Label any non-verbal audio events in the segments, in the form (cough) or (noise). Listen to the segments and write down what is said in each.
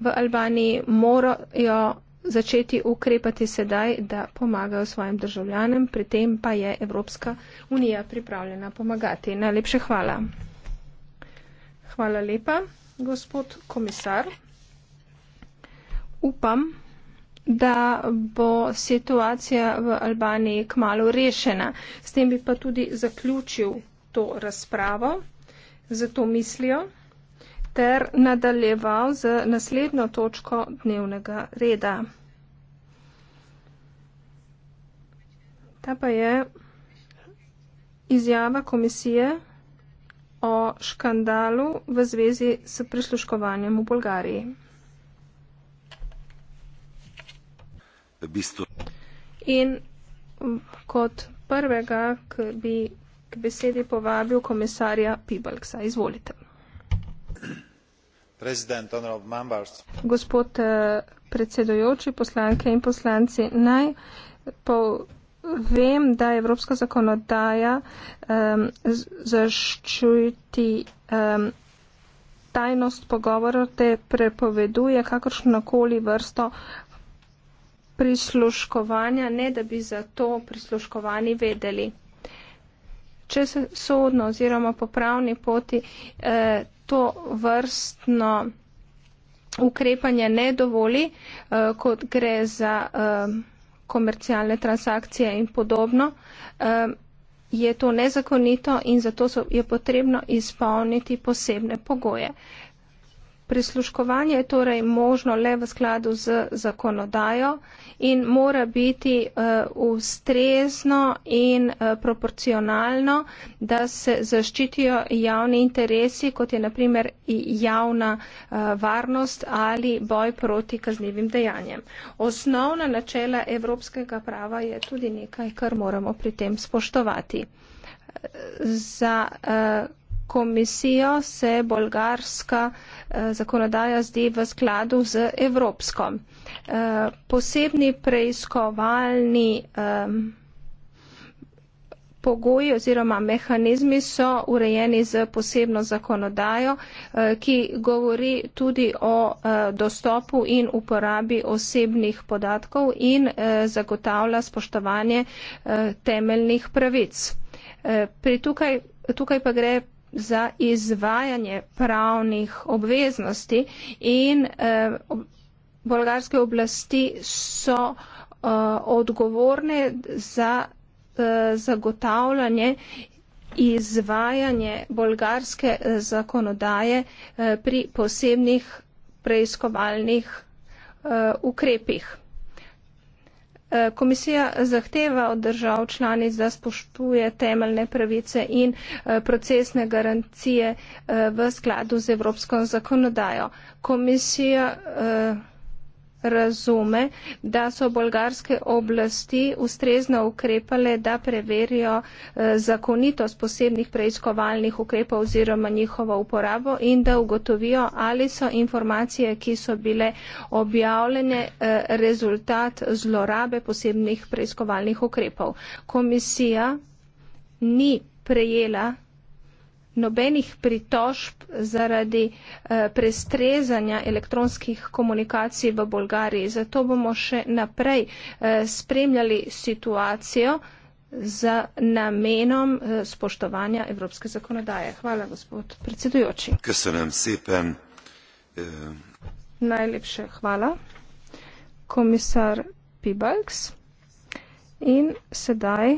v Albaniji morajo začeti ukrepati sedaj, da pomagajo svojim državljanem, pri tem pa je Evropska unija pripravljena pomagati. Najlepše hvala. Hvala lepa, gospod komisar. Upam, da bo situacija v Albaniji kmalo rešena. S tem bi pa tudi zaključil to razpravo. Zato mislijo ter nadaljeval z naslednjo točko dnevnega reda. Ta pa je izjava komisije o škandalu v zvezi s prisluškovanjem v Bolgariji. Bistvo. In kot prvega, ki bi k besedi povabil komisarja Pibalksa. Izvolite. Gospod eh, predsedujoči, poslanke in poslanci, naj povem, da evropska zakonodaja um, zaščiti um, tajnost pogovorov te prepoveduje kakršnokoli vrsto prisluškovanja, ne da bi za to prisluškovani vedeli. Če se sodno oziroma po pravni poti eh, to vrstno ukrepanje ne dovoli, eh, kot gre za eh, komercialne transakcije in podobno, eh, je to nezakonito in zato je potrebno izpolniti posebne pogoje. Prisluškovanje je torej možno le v skladu z zakonodajo in mora biti eh, ustrezno in eh, proporcionalno, da se zaščitijo javni interesi, kot je naprimer javna eh, varnost ali boj proti kaznivim dejanjem. Osnovna načela evropskega prava je tudi nekaj, kar moramo pri tem spoštovati. Za komisijo se bolgarska eh, zakonodaja zdi v skladu z evropsko. Eh, posebni preiskovalni eh, pogoji oziroma mehanizmi so urejeni z posebno zakonodajo, eh, ki govori tudi o eh, dostopu in uporabi osebnih podatkov in eh, zagotavlja spoštovanje eh, temeljnih pravic. Eh, tukaj, tukaj pa gre za izvajanje pravnih obveznosti in eh, bolgarske oblasti so eh, odgovorne za eh, zagotavljanje izvajanje bolgarske eh, zakonodaje eh, pri posebnih preiskovalnih eh, ukrepih. Eh, komisija zahteva od držav članic, da spoštuje temeljne pravice in eh, procesne garancije eh, v skladu z evropsko zakonodajo. Komisija razume, da so bolgarske oblasti ustrezno ukrepale, da preverijo eh, zakonitost posebnih preiskovalnih ukrepov oziroma njihovo uporabo in da ugotovijo, ali so informacije, ki so bile objavljene, eh, rezultat zlorabe posebnih preiskovalnih ukrepov. Komisija ni prejela nobenih pritožb zaradi eh, prestrezanja elektronskih komunikacij v Bolgariji. Zato bomo še naprej eh, spremljali situacijo za namenom eh, spoštovanja evropske zakonodaje. Hvala, gospod predsedujoči. Najlepše hvala, komisar Pibalks. In sedaj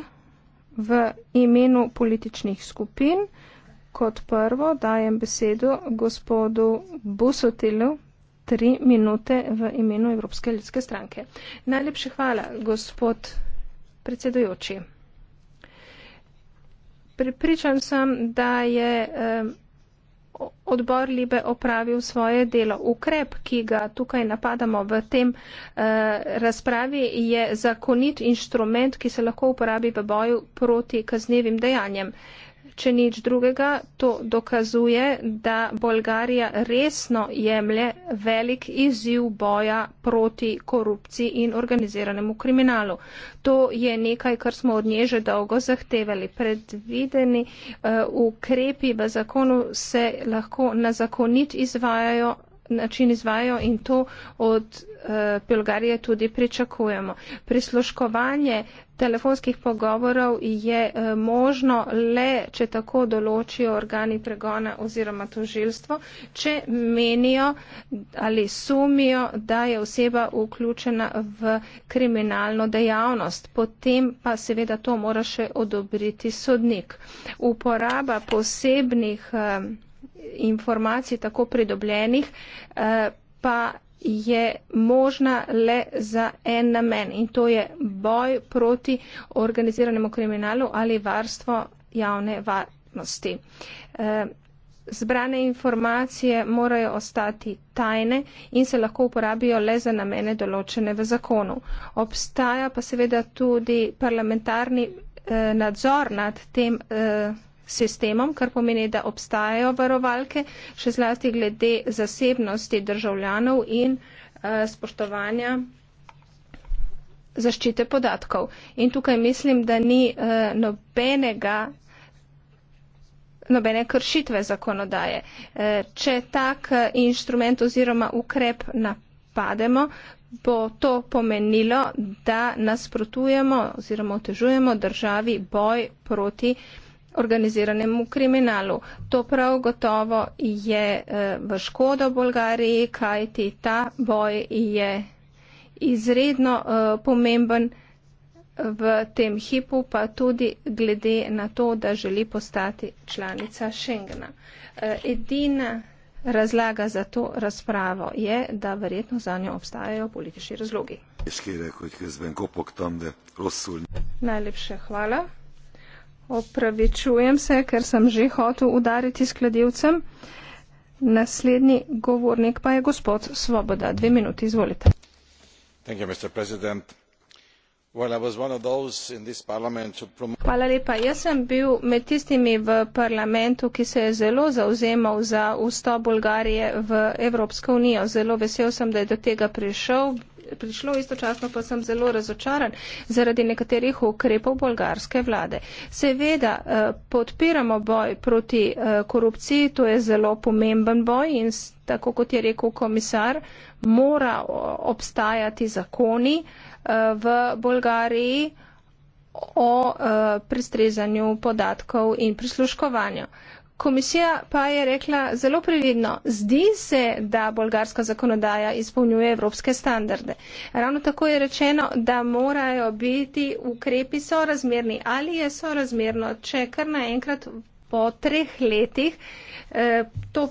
v imenu političnih skupin Kot prvo dajem besedo gospodu Busotilu, tri minute v imenu Evropske ljudske stranke. Najlepše hvala, gospod predsedujoči. Pripričan sem, da je odbor Libe opravil svoje delo. Ukrep, ki ga tukaj napadamo v tem eh, razpravi, je zakonit inštrument, ki se lahko uporabi v boju proti kaznevim dejanjem če nič drugega, to dokazuje, da Bolgarija resno jemlje velik izziv boja proti korupciji in organiziranemu kriminalu. To je nekaj, kar smo od nje že dolgo zahtevali. Predvideni uh, ukrepi v zakonu se lahko na zakonit izvajajo. Način izvajo in to od Eh, Bulgarije tudi pričakujemo. Prisluškovanje telefonskih pogovorov je eh, možno le, če tako določijo organi pregona oziroma tožilstvo, če menijo ali sumijo, da je oseba vključena v kriminalno dejavnost. Potem pa seveda to mora še odobriti sodnik. Uporaba posebnih eh, informacij, tako pridobljenih, pa je možna le za en namen in to je boj proti organiziranemu kriminalu ali varstvo javne varnosti. Eh, zbrane informacije morajo ostati tajne in se lahko uporabijo le za namene določene v zakonu. Obstaja pa seveda tudi parlamentarni eh, nadzor nad tem eh, sistemom, kar pomeni, da obstajajo varovalke, še zlasti glede zasebnosti državljanov in uh, spoštovanja zaščite podatkov. In tukaj mislim, da ni uh, nobenega nobene kršitve zakonodaje. Eh, če tak inštrument oziroma ukrep napademo, bo to pomenilo, da nasprotujemo oziroma otežujemo državi boj proti uh, organiziranemu kriminalu. To prav gotovo je eh, v škodo Bolgariji, kajti ta boj je izredno eh, pomemben v tem hipu, pa tudi glede na to, da želi postati članica Schengena. Eh, edina razlaga za to razpravo je, da verjetno za njo obstajajo politični razlogi. Najlepše hvala opravičujem se, ker sem že hotel udariti s kladivcem. Naslednji govornik pa je gospod Svoboda. Dve minuti, izvolite. Thank you, Mr. President. Hvala lepa. Jaz sem bil med tistimi v parlamentu, ki se je zelo zauzemal za vstop Bolgarije v Evropsko unijo. Zelo vesel sem, da je do tega prišel prišlo, istočasno pa sem zelo razočaran zaradi nekaterih ukrepov bolgarske vlade. Seveda eh, podpiramo boj proti eh, korupciji, to je zelo pomemben boj in tako kot je rekel komisar, mora obstajati zakoni eh, v Bolgariji o pristrezanju podatkov in prisluškovanju. Komisija pa je rekla zelo previdno, zdi se, da bolgarska zakonodaja izpolnjuje evropske standarde. Ravno tako je rečeno, da morajo biti ukrepi sorazmerni ali je sorazmerno, če kar naenkrat po treh letih eh, to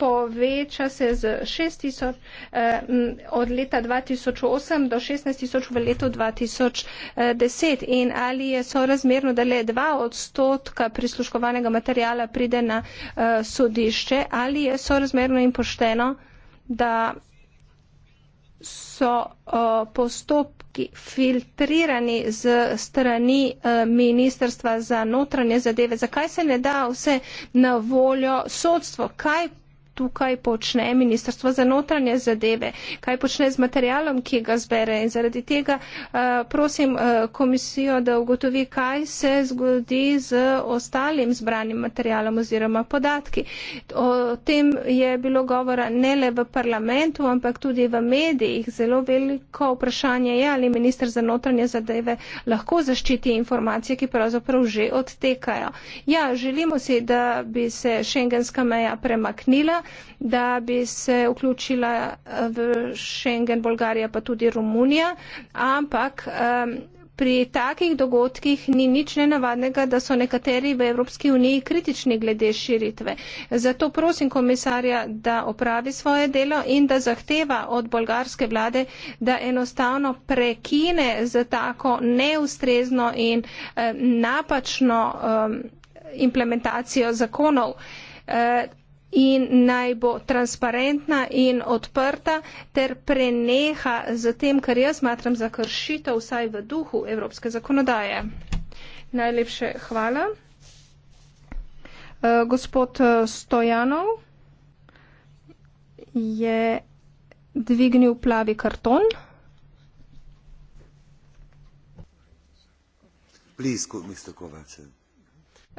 poveča se z 6000 eh, od leta 2008 do 16000 v letu 2010 eh, in ali je sorazmerno, da le 2 odstotka prisluškovanega materijala pride na eh, sodišče, ali je sorazmerno in pošteno, da so eh, postopki filtrirani z strani eh, Ministrstva za notranje zadeve. Zakaj se ne da vse na voljo sodstvo? Kaj tukaj počne Ministrstvo za notranje zadeve, kaj počne z materialom, ki ga zbere in zaradi tega eh, prosim eh, komisijo, da ugotovi, kaj se zgodi z ostalim zbranim materialom oziroma podatki. O tem je bilo govora ne le v parlamentu, ampak tudi v medijih. Zelo veliko vprašanje je, ali minister za notranje zadeve lahko zaščiti informacije, ki pravzaprav že odtekajo. Ja, želimo si, da bi se šengenska meja premaknila, da bi se vključila eh, v Schengen Bolgarija pa tudi Romunija, ampak um, Pri takih dogodkih ni nič nenavadnega, da so nekateri v Evropski uniji kritični glede širitve. Zato prosim komisarja, da opravi svoje delo in da zahteva od bolgarske vlade, da enostavno prekine z tako neustrezno in eh, napačno eh, implementacijo zakonov. Eh, in naj bo transparentna in odprta ter preneha z tem, kar jaz smatram za kršitev vsaj v duhu evropske zakonodaje. Najlepše hvala. Eh, gospod eh, Stojanov je dvignil plavi karton. Blisko, mister Kovač.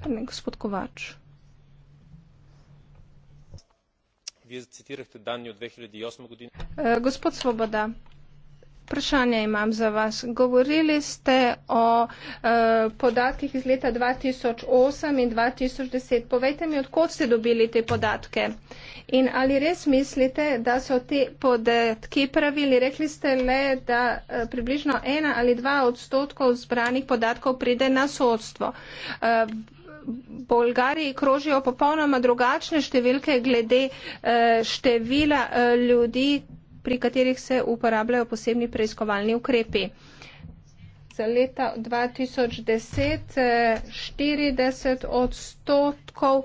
Gospod Kovač. vi citirate dani od 2008. godine. Gospod Svoboda, vprašanje imam za vas. Govorili ste o podatkih iz leta 2008 in 2010. Povejte mi, odkot ste dobili te podatke in ali res mislite, da so te podatki pravili? Rekli ste le, da približno ena ali dva odstotkov zbranih podatkov pride na sodstvo. Bolgariji krožijo popolnoma drugačne številke glede eh, števila eh, ljudi, pri katerih se uporabljajo posebni preiskovalni ukrepi. Za leta 2010 40 eh, odstotkov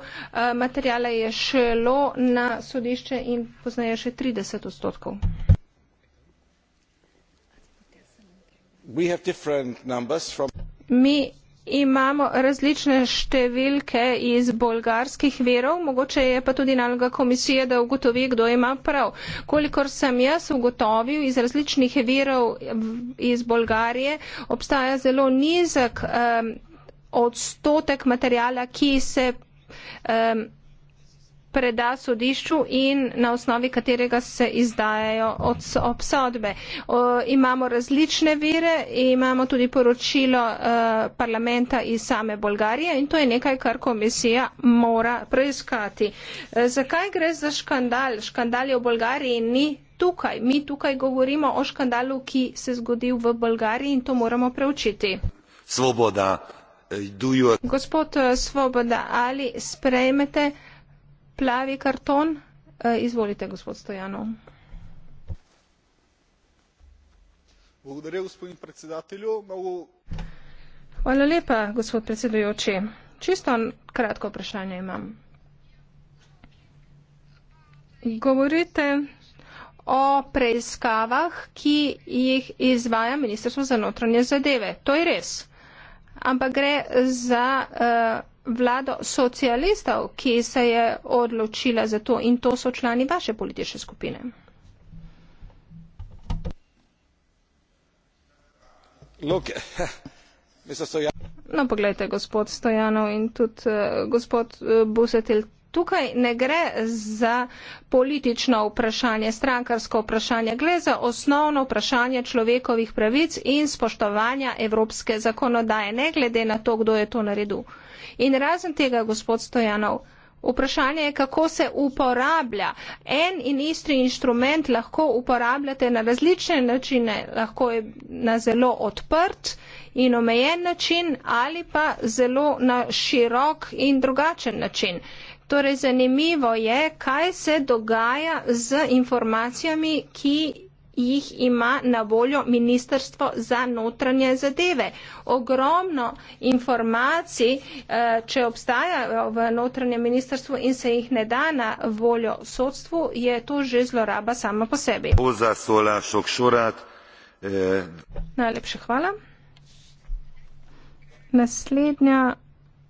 materijala je šlo na sodišče in poznaje še 30 odstotkov. Mi Imamo različne številke iz bolgarskih verov, mogoče je pa tudi naloga komisije, da ugotovi, kdo ima prav. Kolikor sem jaz ugotovil iz različnih verov iz Bolgarije, obstaja zelo nizek um, odstotek materijala, ki se. Um, preda sodišču in na osnovi katerega se izdajajo obsodbe. Imamo različne vire, imamo tudi poročilo eh, parlamenta iz same Bolgarije in to je nekaj, kar komisija mora preiskati. Eh, zakaj gre za škandal? Škandal je v Bolgariji ni. Tukaj, mi tukaj govorimo o škandalu, ki se je zgodil v Bolgariji in to moramo preučiti. Svoboda, eh, you... Gospod Svoboda, ali sprejmete plavi karton. E, izvolite, gospod Stojanov. Bogodarje, gospodin predsedatelju. Mogu... Hvala lepa, gospod predsedujoči. Čisto kratko vprašanje imam. Govorite o preiskavah, ki jih izvaja Ministrstvo za notranje zadeve. To je res. Ampak gre za uh, vlado socialistov, ki se je odločila za to in to so člani vaše politične skupine. Look, (laughs) no, pogledajte, gospod Stojanov in tudi uh, gospod uh, Busetil, tukaj ne gre za politično vprašanje, strankarsko vprašanje, gre za osnovno vprašanje človekovih pravic in spoštovanja evropske zakonodaje, ne glede na to, kdo je to naredil. In razen tega, gospod Stojanov, vprašanje je, kako se uporablja. En in isti inštrument lahko uporabljate na različne načine, lahko je na zelo odprt in omejen način ali pa zelo na širok in drugačen način. Torej, zanimivo je, kaj se dogaja z informacijami, ki jih ima na voljo Ministrstvo za notranje zadeve. Ogromno informacij, eh, če obstajajo v notranjem ministrstvu in se jih ne da na voljo sodstvu, je to že zloraba sama po sebi. Eh, Najlepša hvala. Naslednja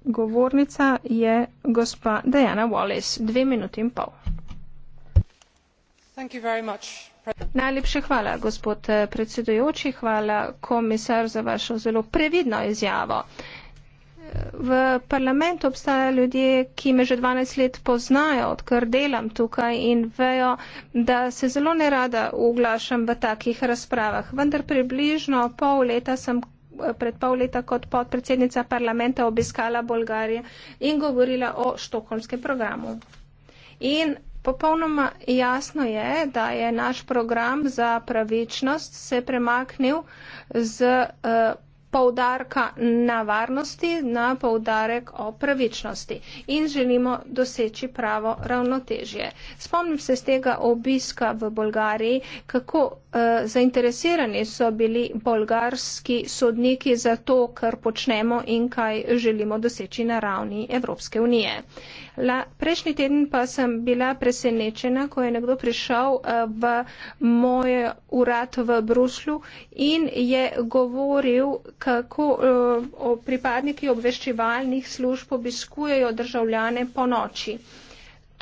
govornica je gospa Diana Wallace, dve minuti in pol. Thank you very much, Najlepša hvala, gospod eh, predsedujoči. Hvala, komisar, za vašo zelo previdno izjavo. V parlamentu obstajajo ljudje, ki me že 12 let poznajo, odkar delam tukaj in vejo, da se zelo nerada uglašam v takih razpravah. Vendar približno pol leta sem eh, pred pol leta kot podpredsednica parlamenta obiskala Bolgarijo in govorila o štokholmskem programu. In Popolnoma jasno je, da je naš program za pravičnost se premaknil z uh, poudarka na varnosti, na poudarek o pravičnosti in želimo doseči pravo ravnotežje. Spomnim se z tega obiska v Bolgariji, kako uh, zainteresirani so bili bolgarski sodniki za to, kar počnemo in kaj želimo doseči na ravni Evropske unije. La, prejšnji teden pa sem bila presenečena, ko je nekdo prišel uh, v moj urad v Bruslju in je govoril, kako uh, pripadniki obveščevalnih služb obiskujejo državljane po noči.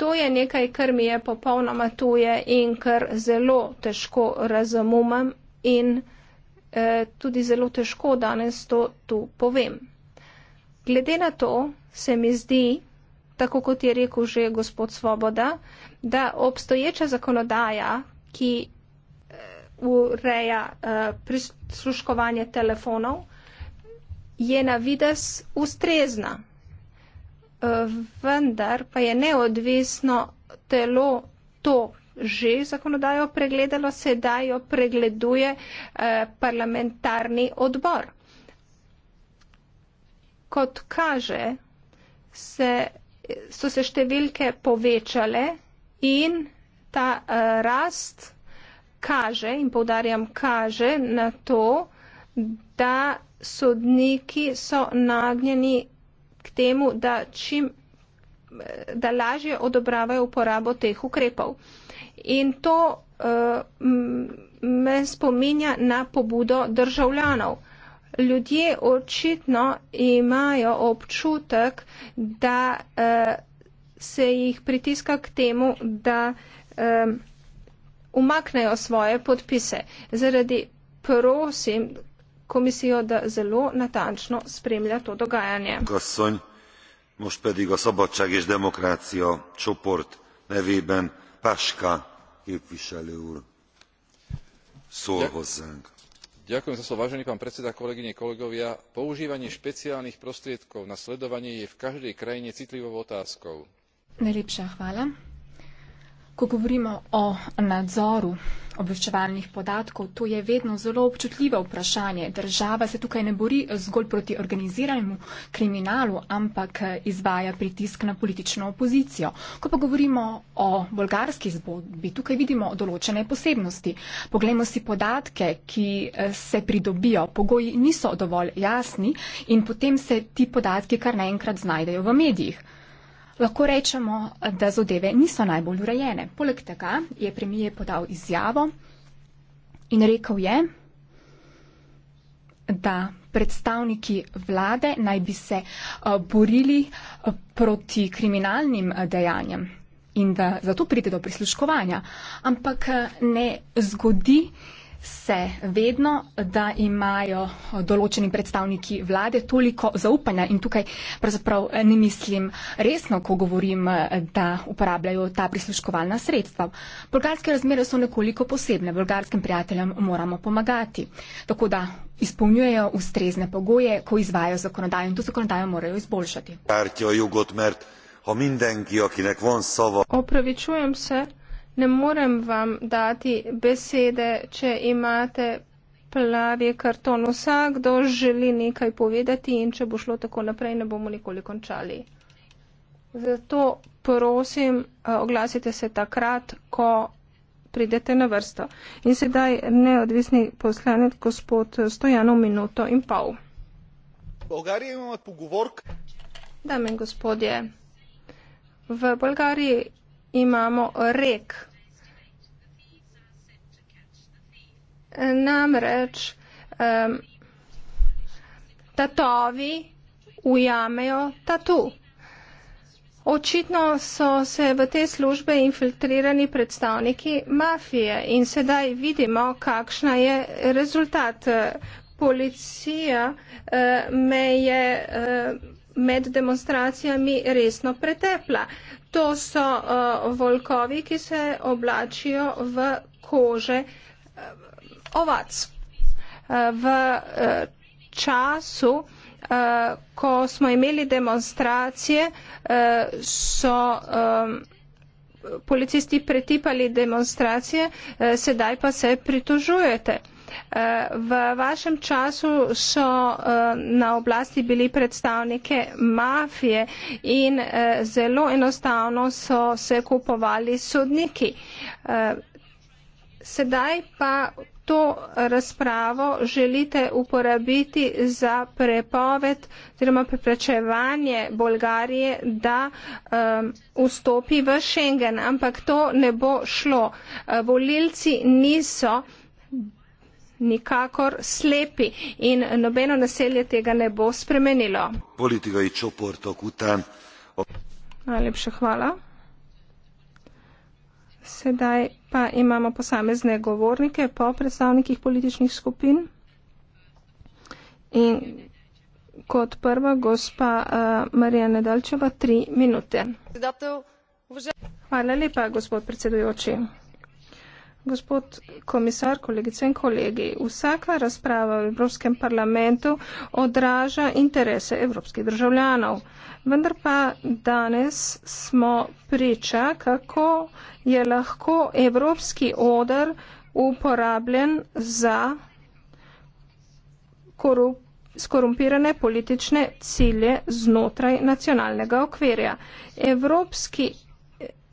To je nekaj, kar mi je popolnoma tuje in kar zelo težko razumem in eh, tudi zelo težko danes to tu povem. Glede na to se mi zdi, tako kot je rekel že gospod Svoboda, da obstoječa zakonodaja, ki eh, ureja eh, prisluškovanje telefonov, je na vides ustrezna, e, vendar pa je neodvisno telo to že zakonodajo pregledalo, sedaj jo pregleduje e, parlamentarni odbor. Kot kaže, se, so se številke povečale in ta e, rast kaže, in povdarjam, kaže na to, da sodniki so nagnjeni k temu, da čim da lažje odobravajo uporabo teh ukrepov. In to uh, me spominja na pobudo državljanov. Ljudje očitno imajo občutek, da uh, se jih pritiska k temu, da uh, umaknejo svoje podpise. Zaradi, prosim, komisijo, da zelo natančno spremlja to dogajanje. Kasszony, most pedig a Szabadság és Demokrácia csoport nevében Páska képviselő úr szól ja. hozzánk. Ďakujem za slovo, vážený pán predseda, kolegyne, kolegovia. Používanie špeciálnych prostriedkov na sledovanie je v každej krajine citlivou otázkou. Najlepšia chvála. Ko govorimo o nadzoru obveščevalnih podatkov, to je vedno zelo občutljivo vprašanje. Država se tukaj ne bori zgolj proti organiziranemu kriminalu, ampak izvaja pritisk na politično opozicijo. Ko pa govorimo o bolgarski zbodbi, tukaj vidimo določene posebnosti. Poglejmo si podatke, ki se pridobijo. Pogoji niso dovolj jasni in potem se ti podatki kar naenkrat znajdejo v medijih. Lahko rečemo, da zadeve niso najbolj urejene. Poleg tega je premije podal izjavo in rekel je, da predstavniki vlade naj bi se borili proti kriminalnim dejanjem in da zato pride do prisluškovanja, ampak ne zgodi se vedno, da imajo določeni predstavniki vlade toliko zaupanja in tukaj pravzaprav eh, ne mislim resno, ko govorim, eh, da uporabljajo ta prisluškovalna sredstva. Bolgarske razmere so nekoliko posebne, bolgarskim prijateljem moramo pomagati. Tako da izpolnjujejo ustrezne pogoje, ko izvajo zakonodajo in to zakonodajo morajo izboljšati. Opravičujem se. Ne morem vam dati besede, če imate plavi karton. Vsakdo želi nekaj povedati in če bo šlo tako naprej, ne bomo nikoli končali. Zato prosim, eh, oglasite se takrat, ko pridete na vrsto. In sedaj neodvisni poslanec, gospod Stojano, minuto in pol. Bolgarija ima pogovor. Dame in gospodje, v Bolgariji imamo rek. Namreč um, tatovi ujamejo tatu. Očitno so se v te službe infiltrirani predstavniki mafije in sedaj vidimo, kakšna je rezultat. Policija eh, me je eh, med demonstracijami resno pretepla. To so uh, volkovi, ki se oblačijo v kože uh, ovac. Uh, v uh, času, uh, ko smo imeli demonstracije, uh, so um, policisti pretipali demonstracije, uh, sedaj pa se pritožujete. Eh, v vašem času so eh, na oblasti bili predstavnike mafije in eh, zelo enostavno so se kupovali sodniki. Sedaj pa to razpravo želite uporabiti za prepoved oziroma preprečevanje Bolgarije, da um, vstopi v Schengen, ampak to ne bo šlo. Volilci niso nikakor slepi in nobeno naselje tega ne bo spremenilo. Najlepša hvala. Sedaj pa imamo posamezne govornike po predstavnikih političnih skupin. In kot prva gospa uh, Marija Nedalčeva, tri minute. Hvala lepa, gospod predsedujoči. Gospod komisar, kolegice in kolegi, vsaka razprava v Evropskem parlamentu odraža interese evropskih državljanov. Vendar pa danes smo priča, kako je lahko evropski odr uporabljen za korup skorumpirane politične cilje znotraj nacionalnega okvirja. Evropski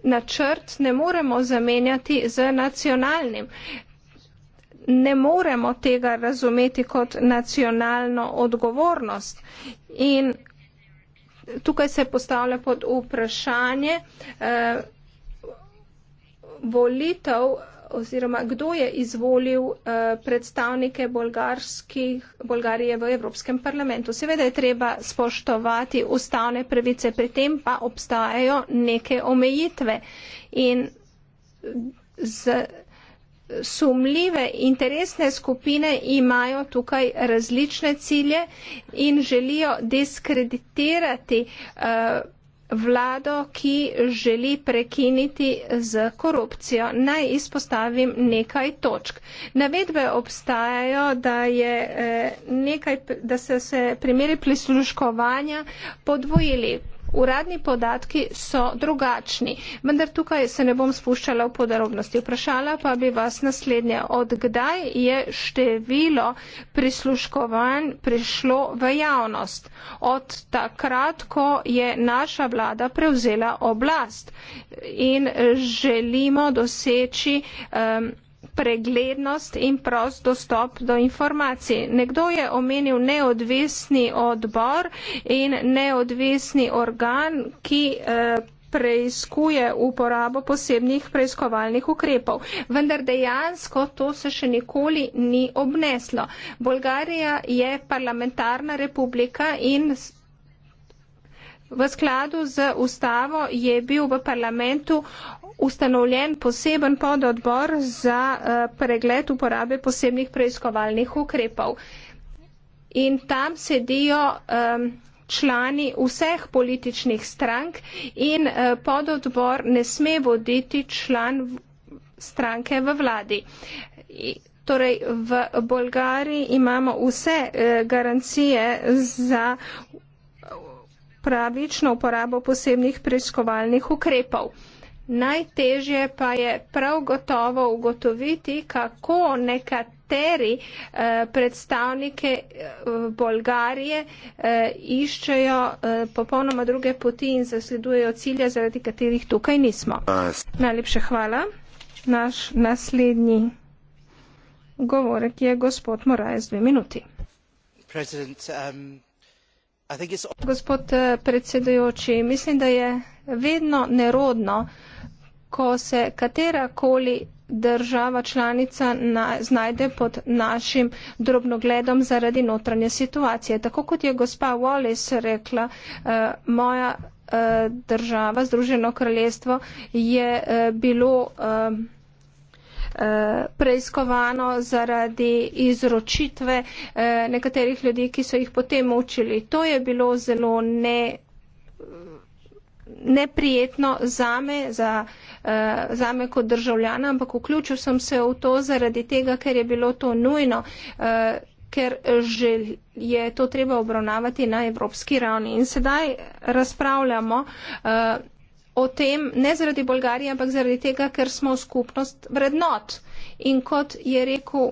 načrt ne moremo zamenjati z nacionalnim. Ne moremo tega razumeti kot nacionalno odgovornost. In tukaj se postavlja pod vprašanje eh, volitev oziroma kdo je izvolil uh, predstavnike Bolgarije v Evropskem parlamentu. Seveda je treba spoštovati ustavne pravice, pri tem pa obstajajo neke omejitve. In z, sumljive interesne skupine imajo tukaj različne cilje in želijo diskreditirati. Uh, vlado, ki želi prekiniti z korupcijo. Naj izpostavim nekaj točk. Navedbe obstajajo, da, je, eh, nekaj, da se se primeri prisluškovanja podvojili. Uradni podatki so drugačni, vendar tukaj se ne bom spuščala v podrobnosti. Vprašala pa bi vas naslednje, od kdaj je število prisluškovanj prišlo v javnost? Od takrat, ko je naša vlada prevzela oblast in želimo doseči um, preglednost in prost dostop do informacij. Nekdo je omenil neodvisni odbor in neodvisni organ, ki. Eh, preizkuje uporabo posebnih preiskovalnih ukrepov. Vendar dejansko to se še nikoli ni obneslo. Bolgarija je parlamentarna republika in V skladu z ustavo je bil v parlamentu ustanovljen poseben pododbor za eh, pregled uporabe posebnih preiskovalnih ukrepov. In tam sedijo um, člani vseh političnih strank in uh, pododbor ne sme voditi član v, stranke v vladi. I, torej, v Bolgariji imamo vse uh, garancije za pravično uporabo posebnih preiskovalnih ukrepov. Najtežje pa je prav gotovo ugotoviti, kako nekateri eh, predstavnike eh, Bolgarije eh, iščejo eh, popolnoma druge poti in zasledujejo cilje, zaradi katerih tukaj nismo. Najlepše hvala. Naš naslednji govorek je gospod Moraj z dve minuti. President, um... Gospod eh, predsedujoči, mislim, da je vedno nerodno, ko se katerakoli država članica na, znajde pod našim drobnogledom zaradi notranje situacije. Tako kot je gospa Wallace rekla, uh, moja uh, država, Združeno kraljestvo, je uh, bilo. Uh, Eh, preiskovano zaradi izročitve eh, nekaterih ljudi, ki so jih potem mučili. To je bilo zelo ne, neprijetno zame, za, eh, zame kot državljana, ampak vključil sem se v to zaradi tega, ker je bilo to nujno ker že je to treba obravnavati na evropski ravni. In sedaj razpravljamo uh, o tem ne zaradi Bolgarije, ampak zaradi tega, ker smo skupnost vrednot. In kot je rekel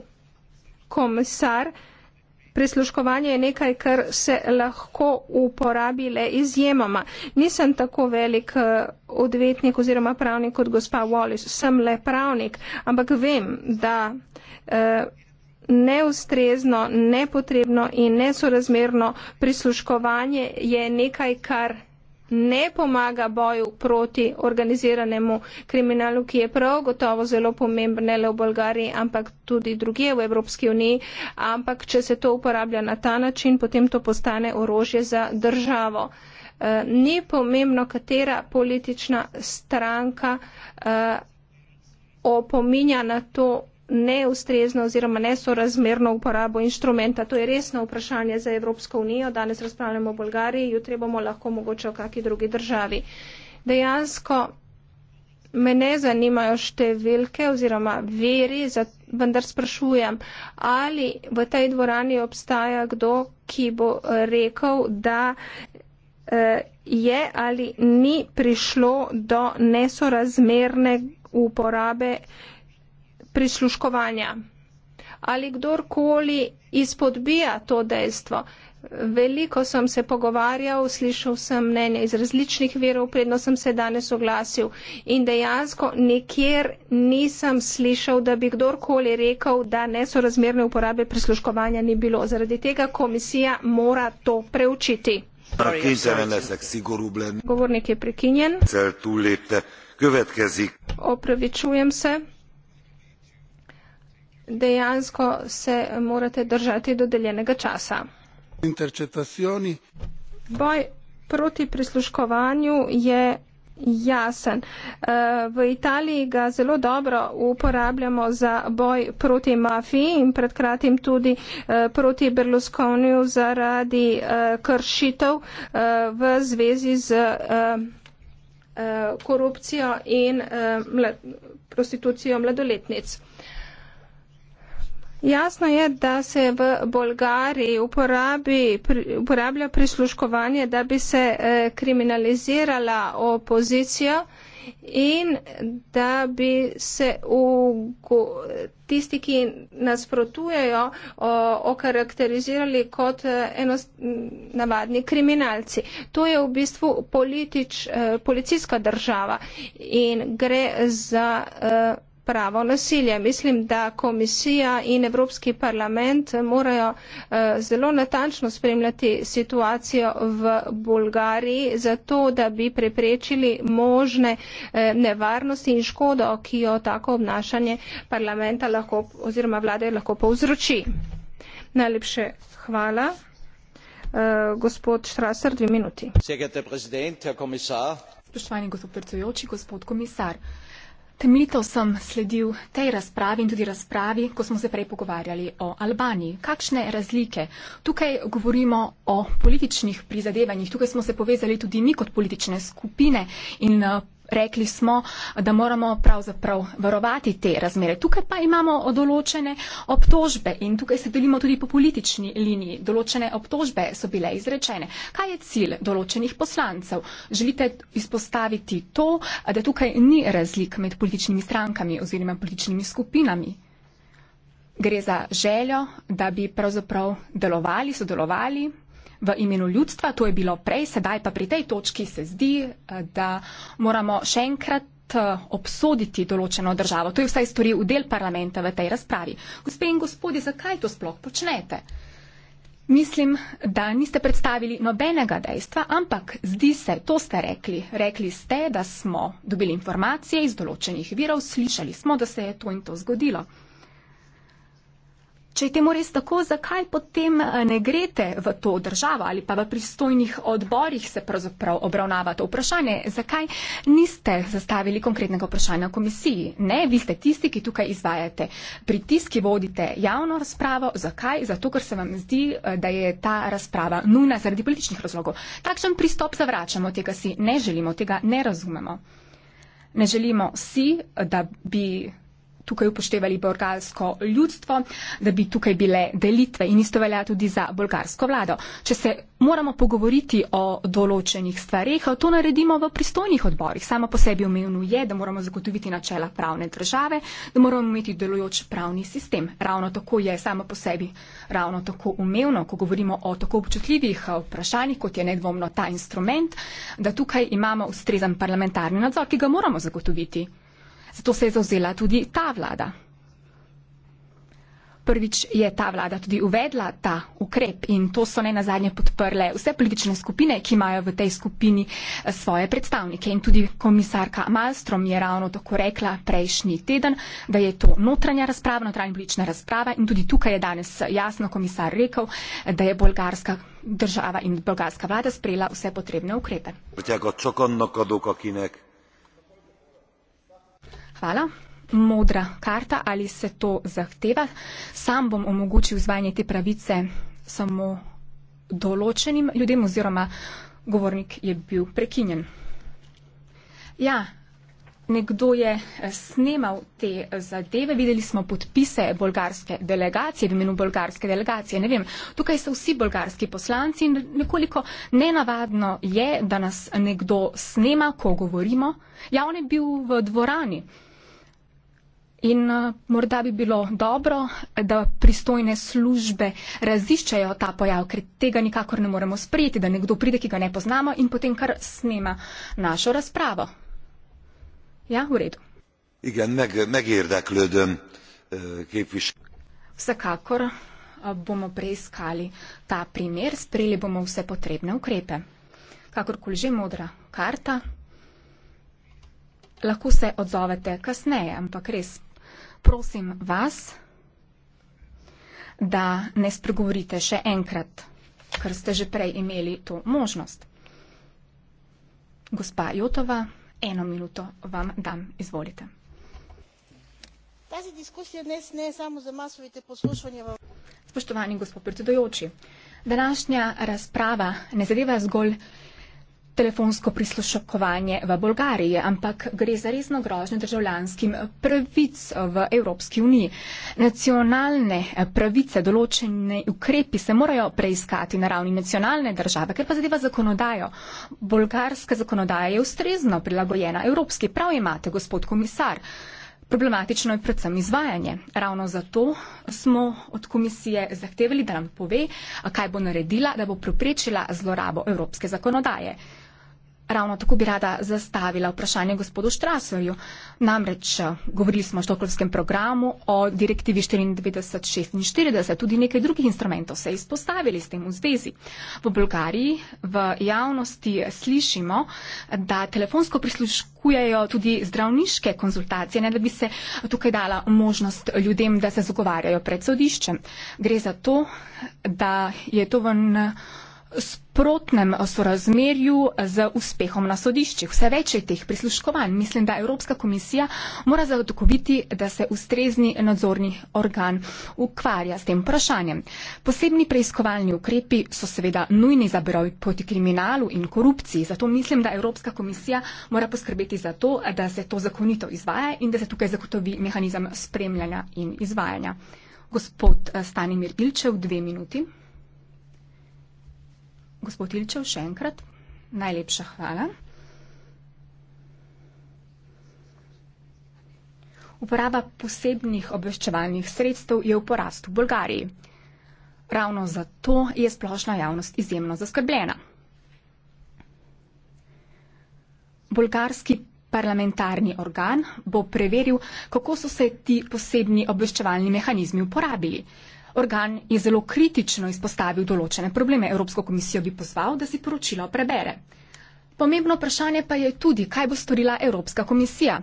komisar, prisluškovanje je nekaj, kar se lahko uporabi le izjemoma. Nisem tako velik eh, odvetnik oziroma pravnik kot gospa Wallis, sem le pravnik, ampak vem, da. Uh, Neustrezno, nepotrebno in nesorazmerno prisluškovanje je nekaj, kar ne pomaga boju proti organiziranemu kriminalu, ki je prav gotovo zelo pomemben ne le v Bolgariji, ampak tudi druge v Evropski uniji. Ampak, če se to uporablja na ta način, potem to postane orožje za državo. E, ni pomembno, katera politična stranka e, opominja na to neustrezno oziroma nesorazmerno uporabo inštrumenta. To je resno vprašanje za Evropsko unijo. Danes razpravljamo o Bolgariji, jutri bomo lahko mogoče o kaki drugi državi. Dejansko me ne zanimajo številke oziroma veri, vendar sprašujem, ali v tej dvorani obstaja kdo, ki bo rekel, da eh, je ali ni prišlo do nesorazmerne uporabe prisluškovanja. Ali kdorkoli izpodbija to dejstvo? Veliko sem se pogovarjal, slišal sem mnenje iz različnih verov, predno sem se danes oglasil in dejansko nikjer nisem slišal, da bi kdorkoli rekel, da nesorazmerne uporabe prisluškovanja ni bilo. Zaradi tega komisija mora to preučiti. Govornik je prekinjen. Opravičujem se dejansko se morate držati dodeljenega časa. Boj proti prisluškovanju je jasen. Eh, v Italiji ga zelo dobro uporabljamo za boj proti mafiji in predkratim tudi eh, proti Berlusconiju zaradi eh, kršitev v zvezi z korupcijo in prostitucijo mladoletnic. Jasno je, da se v Bolgariji uporabi, uporablja prisluškovanje, da bi se eh, kriminalizirala opozicija in da bi se v, tisti, ki nasprotujejo, okarakterizirali kot eh, enost, navadni kriminalci. To je v bistvu politič, eh, policijska država in gre za. Eh, pravo nasilje. Mislim, da komisija in Evropski parlament morajo eh, zelo natančno spremljati situacijo v Bulgariji, zato da bi preprečili možne eh, nevarnosti in škodo, ki jo tako obnašanje parlamenta lahko, oziroma vlade lahko povzroči. Najlepše hvala. Uh, gospod Štrasar, dve minuti. Spoštovani gospod predsedujoči, gospod komisar. Temeljito sem sledil tej razpravi in tudi razpravi, ko smo se prej pogovarjali o Albaniji. Kakšne razlike? Tukaj govorimo o političnih prizadevanjih. Tukaj smo se povezali tudi mi kot politične skupine in eh, rekli smo, da moramo pravzaprav varovati te razmere. Tukaj pa imamo določene obtožbe in tukaj se delimo tudi po politični liniji. Določene obtožbe so bile izrečene. Kaj je cilj določenih poslancev? Želite izpostaviti to, da tukaj ni razlik med političnimi strankami oziroma političnimi skupinami? Gre za željo, da bi pravzaprav delovali, sodelovali v imenu ljudstva, to je bilo prej, sedaj pa pri tej točki se zdi, eh, da moramo še enkrat eh, obsoditi določeno državo. To je vsaj storil v del parlamenta v tej razpravi. Gospe in gospodi, zakaj to sploh počnete? Mislim, da niste predstavili nobenega dejstva, ampak zdi se, to ste rekli. Rekli ste, da smo dobili informacije iz določenih virov, slišali smo, da se je to in to zgodilo. Če je temu res tako, zakaj potem eh, ne grete v to državo ali pa v pristojnih odborih se pravzaprav obravnava to vprašanje? Zakaj niste zastavili konkretnega vprašanja komisiji? Ne, vi ste tisti, ki tukaj izvajate pritiski, vodite javno razpravo. Zakaj? Zato, ker se vam zdi, eh, da je ta razprava nujna zaradi političnih razlogov. Takšen pristop zavračamo, tega si ne želimo, tega ne razumemo. Ne želimo si, da bi tukaj upoštevali bolgarsko ljudstvo, da bi tukaj bile delitve in isto velja tudi za bolgarsko vlado. Če se moramo pogovoriti o določenih stvarih, to naredimo v pristojnih odborih. Samo po sebi umevno je, da moramo zagotoviti načela pravne države, da moramo imeti delujoč pravni sistem. Ravno tako je samo po sebi ravno tako umevno, ko govorimo o tako občutljivih eh, vprašanjih, kot je nedvomno ta instrument, da tukaj imamo ustrezan parlamentarni nadzor, ki ga moramo zagotoviti. Zato se je zauzela tudi ta vlada. Prvič je ta vlada tudi uvedla ta ukrep in to so ne nazadnje podprle vse politične skupine, ki imajo v tej skupini eh, svoje predstavnike. In tudi komisarka Malstrom je ravno tako rekla prejšnji teden, da je to notranja razprava, notranja politična razprava in tudi tukaj je danes jasno komisar rekel, eh, da je bolgarska država in bolgarska vlada sprejela vse potrebne ukrepe. Hvala. Modra karta, ali se to zahteva? Sam bom omogočil izvajanje te pravice samo določenim ljudem oziroma govornik je bil prekinjen. Ja, nekdo je eh, snemal te eh, zadeve, videli smo podpise bolgarske delegacije, v imenu bolgarske delegacije, ne vem, tukaj so vsi bolgarski poslanci in nekoliko nenavadno je, da nas nekdo snema, ko govorimo. Ja, on je bil v dvorani. In eh, morda bi bilo dobro, da pristojne službe raziščejo ta pojav, ker tega nikakor ne moremo sprejeti, da nekdo pride, ki ga ne poznamo in potem kar snema našo razpravo. Ja, v redu. Igen, meg, megérdeklődöm eh, képviselő. Vsekakor eh, bomo preiskali ta primer, sprejeli bomo vse potrebne ukrepe. Kakorkoli že modra karta, lahko se odzovete kasneje, ampak res prosim vas, da ne spregovorite še enkrat, ker ste že prej imeli to možnost. Gospa Jotova, eno minuto vam dam, izvolite. Ta diskusija danes ne je samo za masovite poslušanje. Spoštovani gospod predsedujoči, današnja razprava ne zadeva zgolj telefonsko prisluškovanje v Bolgariji, ampak gre za resno grožnjo državljanskim pravic v Evropski uniji. Nacionalne eh, pravice, določene ukrepi se morajo preiskati na ravni nacionalne države, ker pa zadeva zakonodajo. Bolgarska zakonodaja je ustrezno prilagojena Evropski, prav imate, gospod komisar. Problematično je predvsem izvajanje. Ravno zato smo od komisije zahtevali, da nam pove, kaj bo naredila, da bo preprečila zlorabo evropske zakonodaje ravno tako bi rada zastavila vprašanje gospodu Štraserju. Namreč eh, govorili smo o štokholmskem programu, o direktivi 94-46, tudi nekaj drugih instrumentov se je izpostavili s tem v zvezi. V Bulgariji v javnosti slišimo, da telefonsko prisluškujejo tudi zdravniške konzultacije, ne da bi se tukaj dala možnost ljudem, da se zagovarjajo pred sodiščem. Gre za to, da je to ven sprotnem sorazmerju z uspehom na sodiščih. Vse več je teh prisluškovanj. Mislim, da Evropska komisija mora zagotoviti, da se ustrezni nadzorni organ ukvarja s tem vprašanjem. Posebni preiskovalni ukrepi so seveda nujni za broj proti kriminalu in korupciji. Zato mislim, da Evropska komisija mora poskrbeti za to, da se to zakonito izvaja in da se tukaj zagotovi mehanizem spremljanja in izvajanja. Gospod eh, Stanimir Ilčev, dve minuti. Gospod Ilčev, še enkrat najlepša hvala. Uporaba posebnih obveščevalnih sredstev je v porastu v Bolgariji. Ravno zato je splošna javnost izjemno zaskrbljena. Bolgarski parlamentarni organ bo preveril, kako so se ti posebni obveščevalni mehanizmi uporabili organ je zelo kritično izpostavil določene probleme. Evropsko komisijo bi pozval, da si poročilo prebere. Pomembno vprašanje pa je tudi, kaj bo storila Evropska komisija.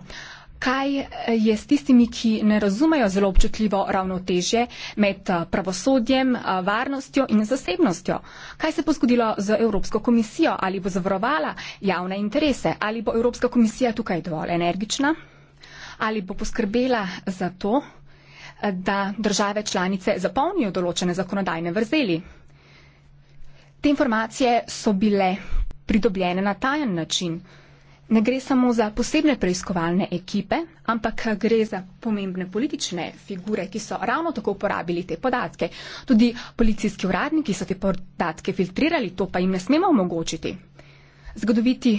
Kaj eh, je s tistimi, ki ne razumejo zelo občutljivo ravnotežje med eh, pravosodjem, eh, varnostjo in zasebnostjo? Kaj se bo zgodilo z Evropsko komisijo? Ali bo zavarovala javne interese? Ali bo Evropska komisija tukaj dovolj energična? Ali bo poskrbela za to, da države članice zapolnijo določene zakonodajne vrzeli. Te informacije so bile pridobljene na tajen način. Ne gre samo za posebne preiskovalne ekipe, ampak gre za pomembne politične figure, ki so ravno tako uporabili te podatke. Tudi policijski uradniki so te podatke filtrirali, to pa jim ne smemo omogočiti. Zgodoviti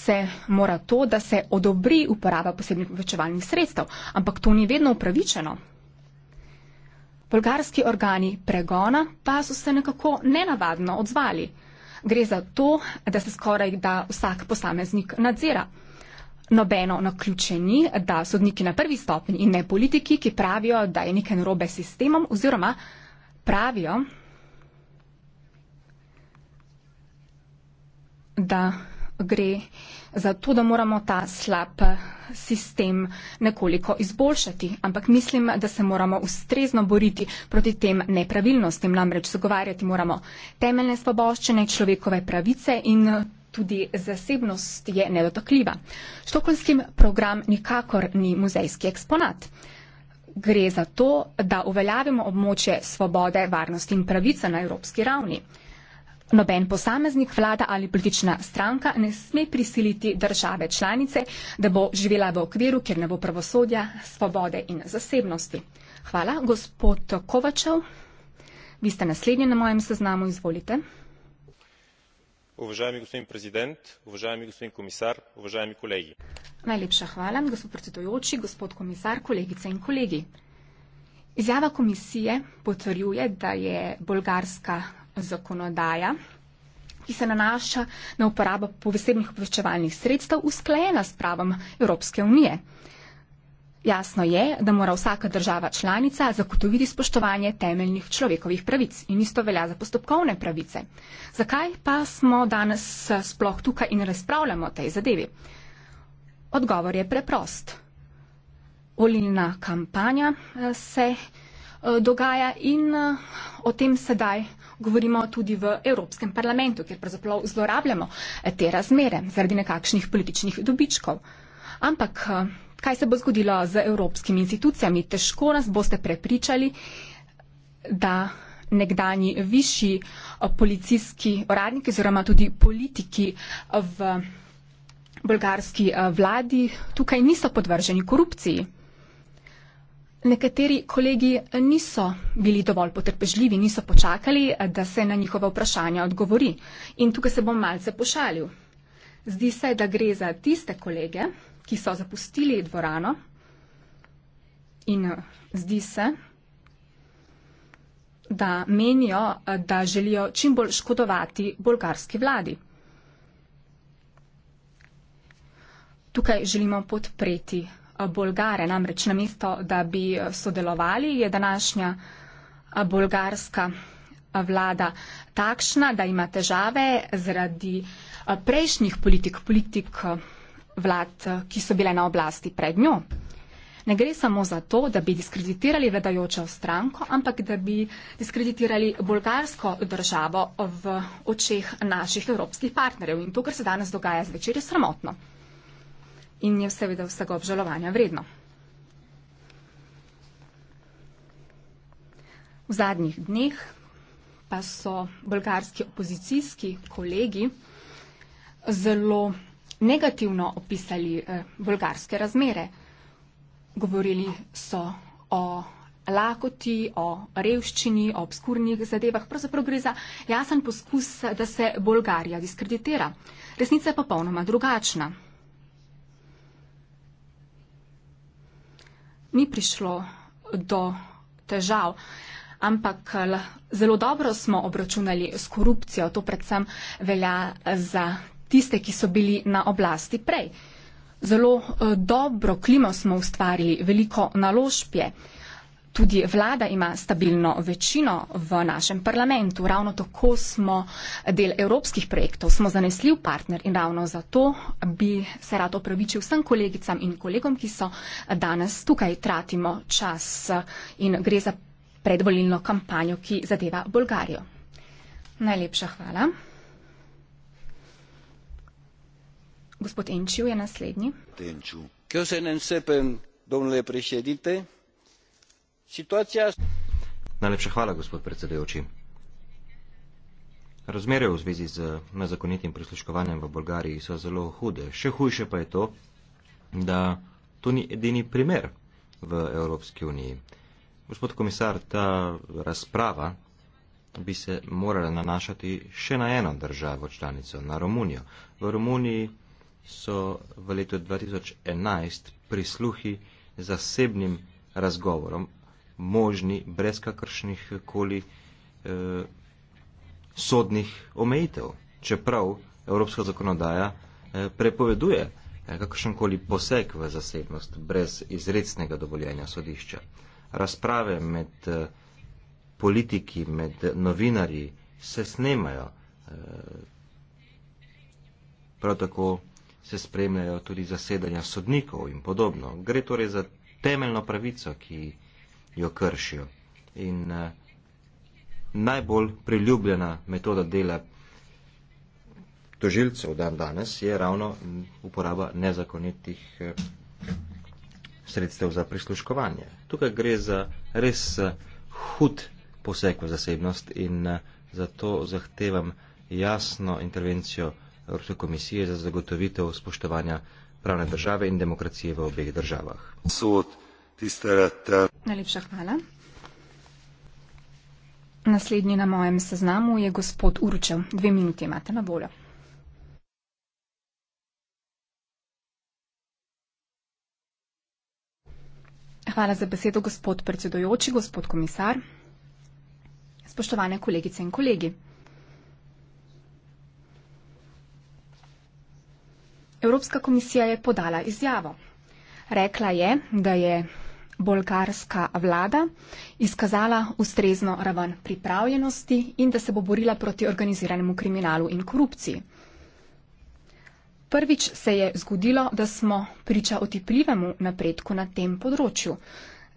se mora to, da se odobri uporaba posebnih povečevalnih sredstev, ampak to ni vedno upravičeno. Bolgarski organi pregona pa so se nekako nenavadno odzvali. Gre za to, da se skoraj da vsak posameznik nadzira. Nobeno naključeni, da sodniki na prvi stopni in ne politiki, ki pravijo, da je nekaj narobe s sistemom oziroma pravijo, da gre zato da moramo ta slab eh, sistem nekoliko izboljšati. Ampak mislim, da se moramo ustrezno boriti proti tem nepravilnostim, namreč zagovarjati moramo temeljne svoboščine, človekove pravice in eh, tudi zasebnost je nedotakljiva. Štokholmski program nikakor ni muzejski eksponat. Gre za to, da uveljavimo območje svobode, varnosti in pravice na evropski ravni. Noben posameznik, vlada ali politična stranka ne sme prisiliti države članice, da bo živela v okviru, kjer ne bo pravosodja, svobode in zasebnosti. Hvala, gospod Kovačev. Vi ste naslednji na mojem seznamu, izvolite. Uvažajmi gospodin prezident, uvažajmi gospodin komisar, uvažajmi kolegi. Najlepša hvala, gospod predsedujoči, gospod komisar, kolegice in kolegi. Izjava komisije potrjuje, da je bolgarska zakonodaja, ki se nanaša na uporabo posebnih obveščevalnih sredstev, usklajena s pravom Evropske unije. Jasno je, da mora vsaka država članica zagotoviti spoštovanje temeljnih človekovih pravic in isto velja za postopkovne pravice. Zakaj pa smo danes sploh tukaj in razpravljamo o tej zadevi? Odgovor je preprost. Volilna kampanja eh, se eh, dogaja in eh, o tem sedaj govorimo tudi v Evropskem parlamentu, kjer pravzaprav zlorabljamo eh, te razmere zaradi nekakšnih političnih dobičkov. Ampak eh, kaj se bo zgodilo z evropskimi institucijami? Težko nas boste prepričali, da nekdani višji eh, policijski uradniki oziroma tudi politiki v bolgarski vladi tukaj niso podvrženi korupciji. Nekateri kolegi niso bili dovolj potrpežljivi, niso počakali, da se na njihova vprašanja odgovori. In tukaj se bom malce pošalil. Zdi se, da gre za tiste kolege, ki so zapustili dvorano in eh, zdi se, da menijo, eh, da želijo čim bolj škodovati bolgarski vladi. Tukaj želimo podpreti Bolgare. Namreč namesto, da bi sodelovali, je današnja bolgarska vlada takšna, da ima težave zaradi eh, prejšnjih politik, politik eh, vlad, eh, ki so bile na oblasti pred njo. Ne gre samo za to, da bi diskreditirali vedajočo stranko, ampak da bi diskreditirali bolgarsko državo v očeh naših evropskih partnerjev. In to, kar se danes dogaja zvečer, je sramotno in je seveda vsega obžalovanja vredno. V zadnjih dneh pa so bolgarski opozicijski kolegi zelo negativno opisali eh, bolgarske razmere. Govorili so o lakoti, o revščini, o obskurnih zadevah. Pravzaprav gre za jasen poskus, da se Bolgarija diskreditira. Resnica je popolnoma drugačna. ni prišlo do težav. Ampak zelo dobro smo obračunali s korupcijo. To predvsem velja za tiste, ki so bili na oblasti prej. Zelo eh, dobro klimo smo ustvarili, veliko naložb je. Tudi vlada ima stabilno večino v našem parlamentu. Ravno tako smo del evropskih projektov, smo zanesljiv partner in ravno zato bi se rad opravičil vsem kolegicam in kolegom, ki so danes tukaj, tratimo čas in gre za predvolilno kampanjo, ki zadeva Bolgarijo. Najlepša hvala. Gospod Enčiv je naslednji. Enčiv. Kjo se nam sepen, domnule prešedite? Situacija... Najlepša hvala, gospod predsedujoči. Razmere v zvezi z nezakonitim prisluškovanjem v Bolgariji so zelo hude. Še hujše pa je to, da to ni edini primer v Evropski uniji. Gospod komisar, ta razprava bi se morala nanašati še na eno državo članico, na Romunijo. V Romuniji so v letu 2011 prisluhi zasebnim razgovorom možni brez kakršnih koli eh, sodnih omejitev, čeprav evropska zakonodaja eh, prepoveduje eh, kakršen koli poseg v zasebnost brez izrecnega dovoljenja sodišča. Razprave med eh, politiki, med novinarji se snemajo, eh, prav tako se spremljajo tudi zasedanja sodnikov in podobno. Gre torej za temeljno pravico, ki jo kršijo. In eh, najbolj priljubljena metoda dela tožilcev dan danes je ravno uporaba nezakonitih eh, sredstev za prisluškovanje. Tukaj gre za res eh, hud poseg v zasebnost in eh, zato zahtevam jasno intervencijo Evropske komisije za zagotovitev spoštovanja pravne države in demokracije v obeh državah. Sod, Najlepša hvala. Naslednji na mojem seznamu je gospod Uročev. Dve minuti imate na voljo. Hvala za besedo, gospod predsedojoči, gospod komisar. Spoštovane kolegice in kolegi. Evropska komisija je podala izjavo. Rekla je, da je bolgarska vlada izkazala ustrezno raven pripravljenosti in da se bo borila proti organiziranemu kriminalu in korupciji. Prvič se je zgodilo, da smo priča otipljivemu napredku na tem področju.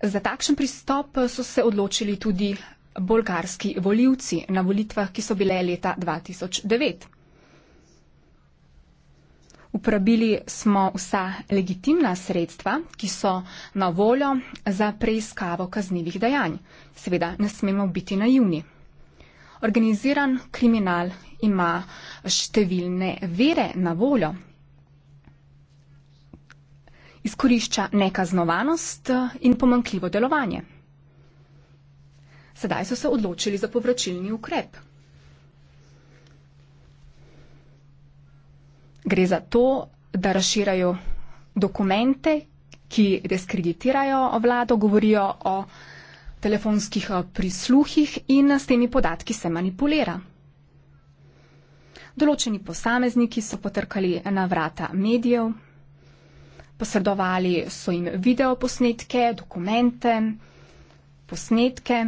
Za takšen pristop so se odločili tudi bolgarski voljivci na volitvah, ki so bile leta 2009. Uporabili smo vsa legitimna sredstva, ki so na voljo za preiskavo kaznivih dejanj. Seveda ne smemo biti naivni. Organiziran kriminal ima številne vere na voljo. Izkorišča nekaznovanost in pomankljivo delovanje. Sedaj so se odločili za povračilni ukrep. Gre za to, da razširajo dokumente, ki diskreditirajo vlado, govorijo o telefonskih eh, prisluhih in s temi podatki se manipulira. Določeni posamezniki so potrkali na vrata medijev, posredovali so jim videoposnetke, dokumente, posnetke.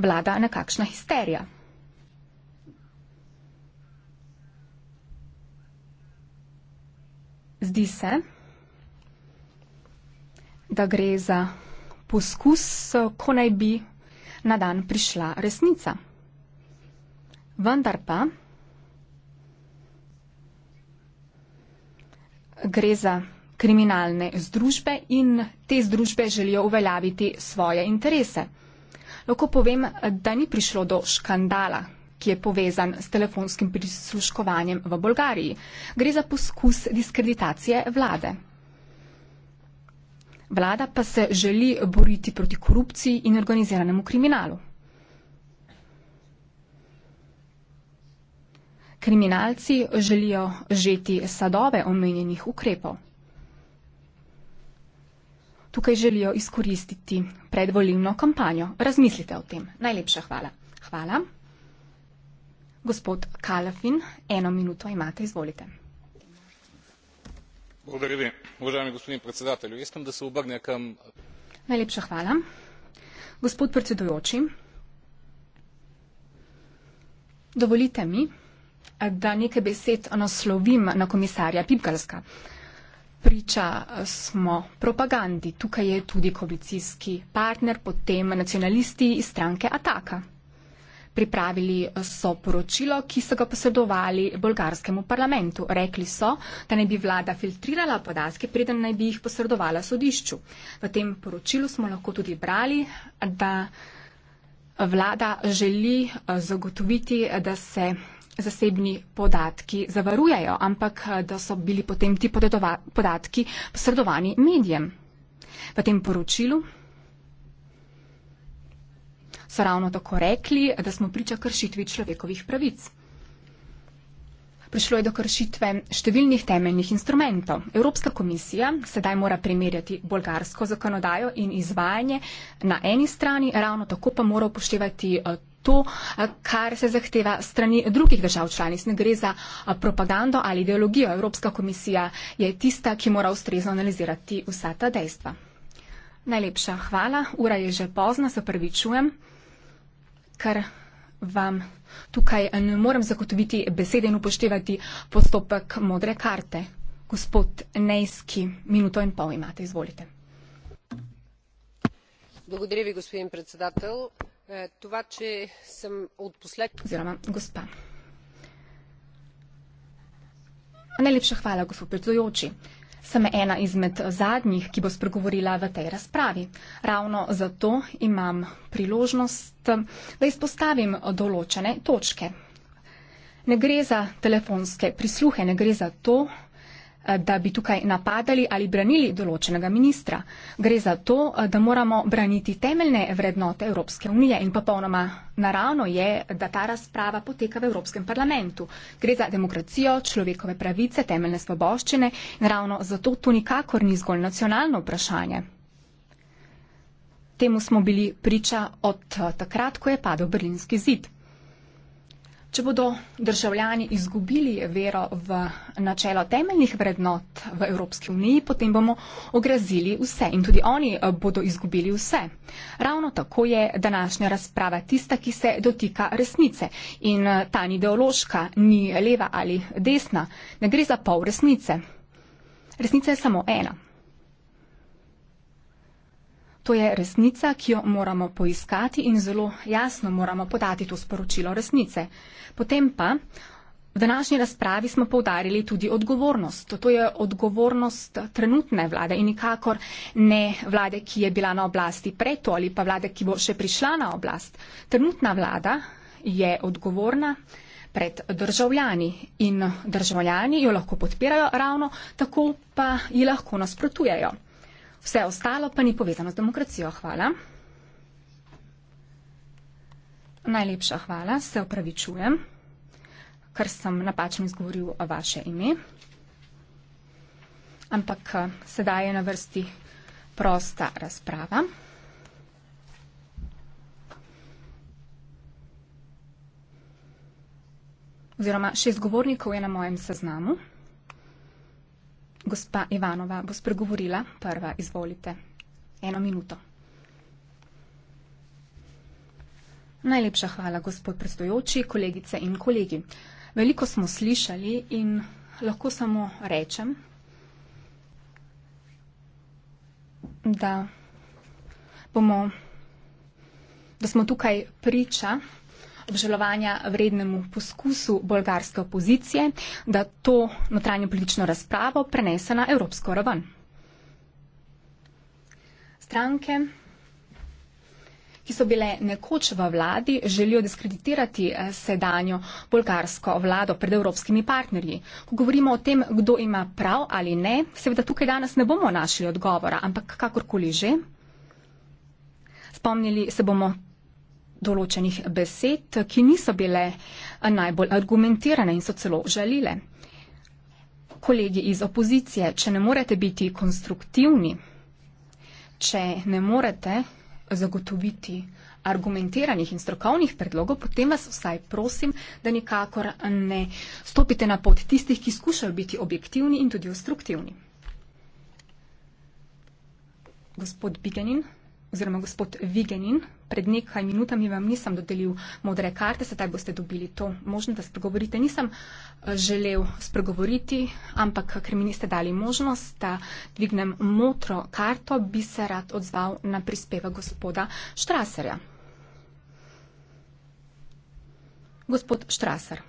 Vlada nekakšna histerija. Zdi se, da gre za poskus, ko naj bi na dan prišla resnica. Vendar pa gre za kriminalne združbe in te združbe želijo uveljaviti svoje interese. Lahko povem, da ni prišlo do škandala, ki je povezan s telefonskim prisluškovanjem v Bolgariji. Gre za poskus diskreditacije vlade. Vlada pa se želi boriti proti korupciji in organiziranemu kriminalu. Kriminalci želijo žeti sadove omenjenih ukrepov. Tukaj želijo izkoristiti predvolilno kampanjo. Razmislite o tem. Najlepša hvala. Hvala. Gospod Kalafin, eno minuto imate, izvolite. Dobro, vi, uvaženi gospodin predsedatelj, jaz sem, da se obrne kam. Najlepša hvala. Gospod predsedujoči, dovolite mi, da nekaj besed naslovim na komisarja Pipkalska. Priča eh, smo propagandi, tukaj je tudi koalicijski partner, potem nacionalisti iz stranke Ataka. Pripravili eh, so poročilo, ki so ga posredovali bolgarskemu parlamentu. Rekli so, da naj bi vlada filtrirala podatke, preden naj bi jih posredovala sodišču. V tem poročilu smo lahko tudi brali, da vlada želi eh, zagotoviti, da se zasebni podatki zavarujajo, ampak eh, da so bili potem ti podatki posredovani medijem. V tem poročilu so ravno tako rekli, da smo priča kršitvi človekovih pravic. Prišlo je do kršitve številnih temeljnih instrumentov. Evropska komisija sedaj mora primerjati bolgarsko zakonodajo in izvajanje na eni strani, ravno tako pa mora upoštevati eh, to, eh, kar se zahteva strani drugih držav članic. Ne gre za eh, propagando ali ideologijo. Evropska komisija je tista, ki mora ustrezno analizirati vsa ta dejstva. Najlepša hvala. Ura je že pozna, se prvi čujem kar vam tukaj eh, ne morem zagotoviti besede in upoštevati postopek modre karte. Gospod Nejski, minuto in pol imate, izvolite. Благодаря ви, господин председател. Това, че съм от послед... Зирама, госпа. Najlepša hvala, gospod predsedujoči. Sem ena izmed zadnjih, ki bo spregovorila v tej razpravi. Ravno zato imam priložnost, da izpostavim določene točke. Ne gre za telefonske prisluhe, ne gre za to, Eh, da bi tukaj napadali ali branili določenega ministra. Gre za to, eh, da moramo braniti temeljne vrednote Evropske unije in popolnoma naravno je, da ta razprava poteka v Evropskem parlamentu. Gre za demokracijo, človekove pravice, temeljne svoboščine in ravno zato to nikakor ni zgolj nacionalno vprašanje. Temu smo bili priča od eh, takrat, ko je padel Berlinski zid. Če bodo državljani izgubili vero v načelo temeljnih vrednot v Evropski uniji, potem bomo ogrozili vse in tudi oni eh, bodo izgubili vse. Ravno tako je današnja razprava tista, ki se dotika resnice in eh, ta ni ideološka, ni leva ali desna, ne gre za pol resnice. Resnica je samo ena. To je resnica, ki jo moramo poiskati in zelo jasno moramo podati to sporočilo resnice. Potem pa v današnji razpravi smo povdarili tudi odgovornost. To je odgovornost trenutne vlade in nikakor ne vlade, ki je bila na oblasti pred to ali pa vlade, ki bo še prišla na oblast. Trenutna vlada je odgovorna pred državljani in državljani jo lahko podpirajo ravno, tako pa ji lahko nasprotujejo. Vse ostalo pa ni povezano z demokracijo. Hvala. Najlepša hvala, se opravičujem, ker sem napačno izgovoril vaše ime. Ampak eh, sedaj je na vrsti prosta razprava. Oziroma, šest govornikov je na mojem seznamu. Gospa Ivanova, bo spregovorila prva, izvolite. Eno minuto. Najlepša hvala, gospod predstojoči, kolegice in kolegi. Veliko smo slišali in lahko samo rečem, da, bomo, da smo tukaj priča obžalovanja vrednemu poskusu bolgarske opozicije, da to notranjo politično razpravo prenese na evropsko raven. Stranke, ki so bile nekoč v vladi, želijo diskreditirati eh, sedanjo bolgarsko vlado pred evropskimi partnerji. Ko govorimo o tem, kdo ima prav ali ne, seveda tukaj danes ne bomo našli odgovora, ampak kakorkoli že. Spomnili se bomo določenih besed, ki niso bile najbolj argumentirane in so celo žalile. Kolegi iz opozicije, če ne morete biti konstruktivni, če ne morete zagotoviti argumentiranih in strokovnih predlogov, potem vas vsaj prosim, da nikakor ne stopite na pot tistih, ki skušajo biti objektivni in tudi konstruktivni. Gospod Biganin oziroma gospod Vigenin, pred nekaj minutami vam nisem dodelil modre karte, sedaj boste dobili to možnost, da spregovorite. Nisem eh, želel spregovoriti, ampak ker mi niste dali možnost, da dvignem motro karto, bi se rad odzval na prispeva gospoda Štraserja. Gospod Štraser.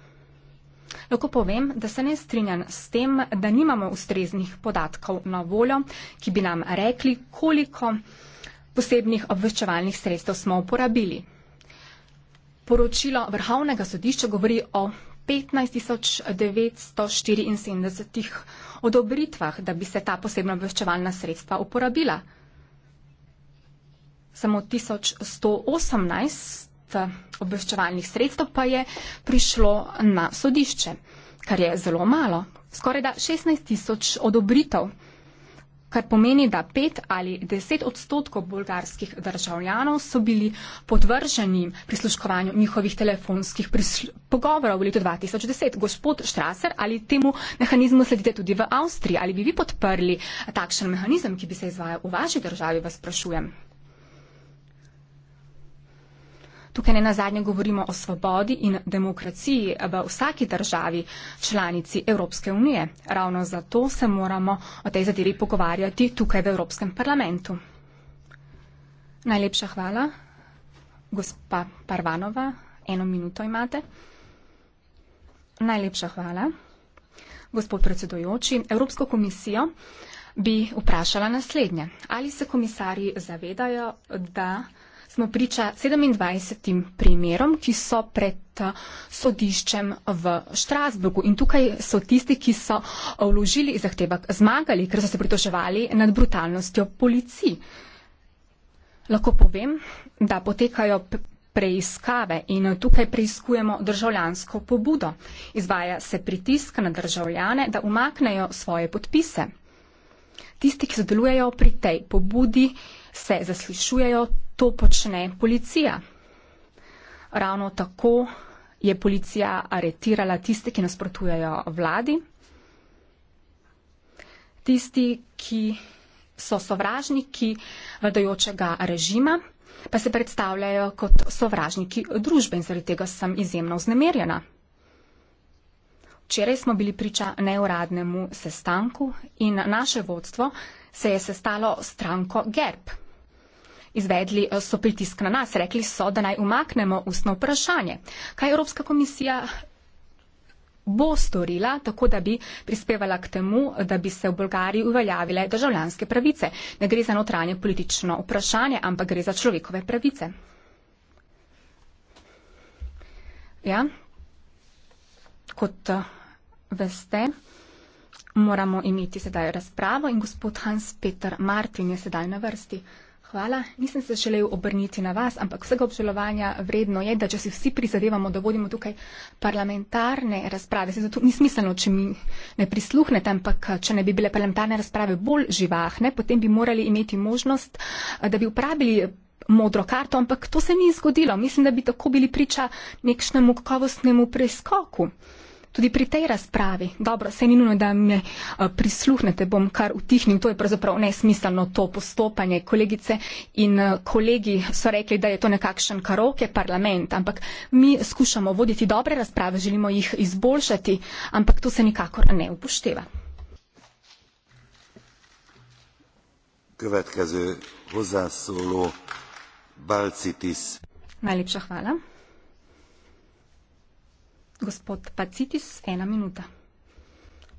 Lahko povem, da se ne strinjam s tem, da nimamo ustreznih podatkov na voljo, ki bi nam rekli, koliko posebnih obveščevalnih sredstev smo uporabili. Poročilo Vrhovnega sodišča govori o 15.974 odobritvah, da bi se ta posebna obveščevalna sredstva uporabila. Samo 1118 obveščevalnih sredstev pa je prišlo na sodišče, kar je zelo malo, skoraj da 16.000 odobritev kar pomeni, da pet ali deset odstotkov bolgarskih državljanov so bili podvrženi prisluškovanju njihovih telefonskih pogovorov v letu 2010. Gospod Štraser, ali temu mehanizmu sledite tudi v Avstriji? Ali bi vi podprli takšen mehanizem, ki bi se izvajal v vaši državi, vas sprašujem? Tukaj ne nazadnje govorimo o svobodi in demokraciji v vsaki državi članici Evropske unije. Ravno zato se moramo o tej zadevi pogovarjati tukaj v Evropskem parlamentu. Najlepša hvala. Gospa Parvanova, eno minuto imate. Najlepša hvala. Gospod predsedojoči, Evropsko komisijo bi vprašala naslednje. Ali se komisarji zavedajo, da smo priča 27 primerom, ki so pred eh, sodiščem v Štrasburgu. In tukaj so tisti, ki so eh, vložili zahtevek zmagali, ker so se pritoževali nad brutalnostjo policiji. Lahko povem, da potekajo preiskave in eh, tukaj preiskujemo državljansko pobudo. Izvaja se pritisk na državljane, da umaknejo svoje podpise. Tisti, ki sodelujejo pri tej pobudi, se zaslišujejo, to počne policija. Ravno tako je policija aretirala tiste, ki nasprotujejo vladi, tisti, ki so sovražniki vladajočega režima, pa se predstavljajo kot sovražniki družbe in zaradi tega sem izjemno vznemirjena. Včeraj smo bili priča neuradnemu sestanku in naše vodstvo se je sestalo stranko GERB izvedli, eh, so pritisk na nas. Rekli so, da naj umaknemo ustno vprašanje. Kaj Evropska komisija bo storila, tako da bi prispevala k temu, da bi se v Bolgariji uveljavile državljanske pravice? Ne gre za notranje politično vprašanje, ampak gre za človekove pravice. Ja. Kot eh, veste, moramo imeti sedaj razpravo in gospod Hans Peter Martin je sedaj na vrsti. Hvala. Nisem se želel obrniti na vas, ampak vsega obžalovanja vredno je, da če si vsi prizadevamo, da vodimo tukaj parlamentarne razprave, se zato ni smiselno, če mi ne prisluhnete, ampak če ne bi bile parlamentarne razprave bolj živahne, potem bi morali imeti možnost, da bi uporabili modro karto, ampak to se ni zgodilo. Mislim, da bi tako bili priča nekšnemu kakovostnemu preskoku. Tudi pri tej razpravi, dobro, se ni nujno, da me eh, prisluhnete, bom kar utihnil, to je pravzaprav nesmiselno to postopanje. Kolegice in eh, kolegi so rekli, da je to nekakšen karoke parlament, ampak mi skušamo voditi dobre razprave, želimo jih izboljšati, ampak to se nikakor ne upošteva. Najlepša hvala. Gospod Pacitis, ena minuta.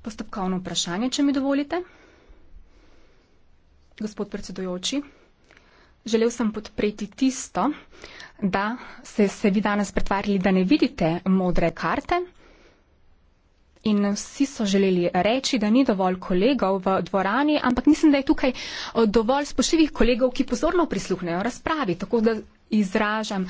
Postopkovno vprašanje, če mi dovolite. Gospod predsedujoči, želel sem podpreti tisto, da ste se vi danes pretvarjali, da ne vidite modre karte. In vsi so želeli reči, da ni dovolj kolegov v dvorani, ampak mislim, da je tukaj eh, dovolj spoštljivih kolegov, ki pozorno prisluhnejo razpravi. Tako da izražam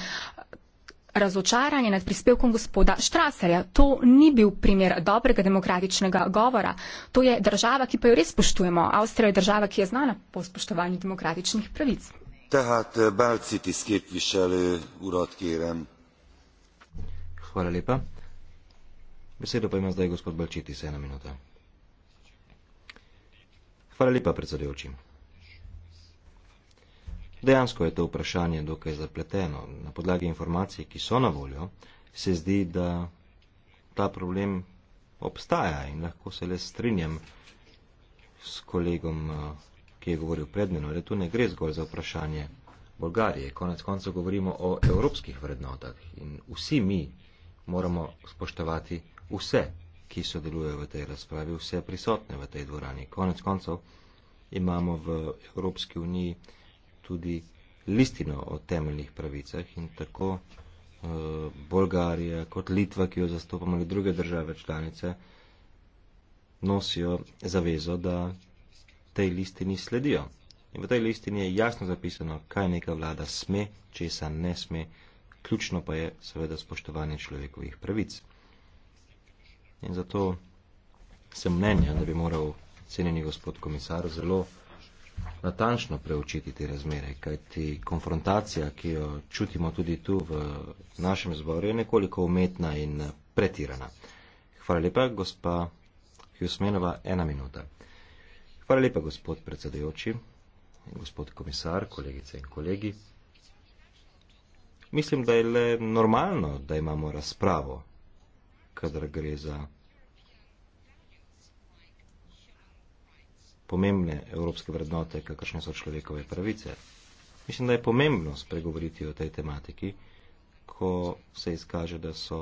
razočaranje nad prispevkom gospoda Štraserja. To ni bil primer dobrega demokratičnega govora. To je država, ki pa jo res spoštujemo. Avstrija je država, ki je znana po spoštovanju demokratičnih pravic. Tehát eh, Balcitis képviselő urat kérem. Hvala lepa. Besedo pa ima zdaj gospod Balcitis, ena minuta. Hvala lepa, predsedujoči. Dejansko je to vprašanje dokaj zapleteno. Na podlagi informacij, ki so na voljo, se zdi, da ta problem obstaja in lahko se le strinjam s kolegom, eh, ki je govoril pred menom, da tu ne gre zgolj za vprašanje Bolgarije. Konec konca govorimo o evropskih vrednotah in vsi mi moramo spoštovati vse, ki sodelujejo v tej razpravi, vse prisotne v tej dvorani. Konec koncev imamo v Evropski uniji tudi listino o temeljnih pravicah in tako e, Bolgarija kot Litva, ki jo zastopamo ali druge države članice, nosijo zavezo, da tej listini sledijo. In v tej listini je jasno zapisano, kaj neka vlada sme, česa ne sme, ključno pa je seveda spoštovanje človekovih pravic. In zato sem mnenja, da bi moral cenjeni gospod komisar zelo natančno preučiti te razmere, kajti konfrontacija, ki jo čutimo tudi tu v našem zboru, je nekoliko umetna in pretirana. Hvala lepa, gospa Hjusmenova, ena minuta. Hvala lepa, gospod predsedajoči, gospod komisar, kolegice in kolegi. Mislim, da je le normalno, da imamo razpravo, kadar gre za pomembne evropske vrednote, kakršne so človekove pravice. Mislim, da je pomembno spregovoriti o tej tematiki, ko se izkaže, da so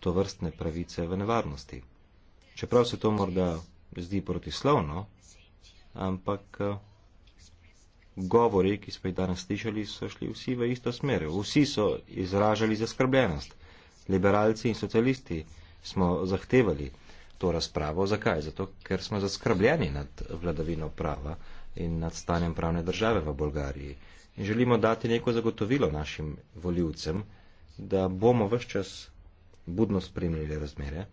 to vrstne pravice v nevarnosti. Čeprav se to morda zdi protislovno, ampak govori, ki smo jih danes slišali, so šli vsi v isto smer. Vsi so izražali zaskrbljenost. Liberalci in socialisti smo zahtevali, to razpravo. Zakaj? Zato, ker smo zaskrbljeni nad vladavino prava in nad stanjem pravne države v Bolgariji. In želimo dati neko zagotovilo našim voljivcem, da bomo vse čas budno spremljali razmere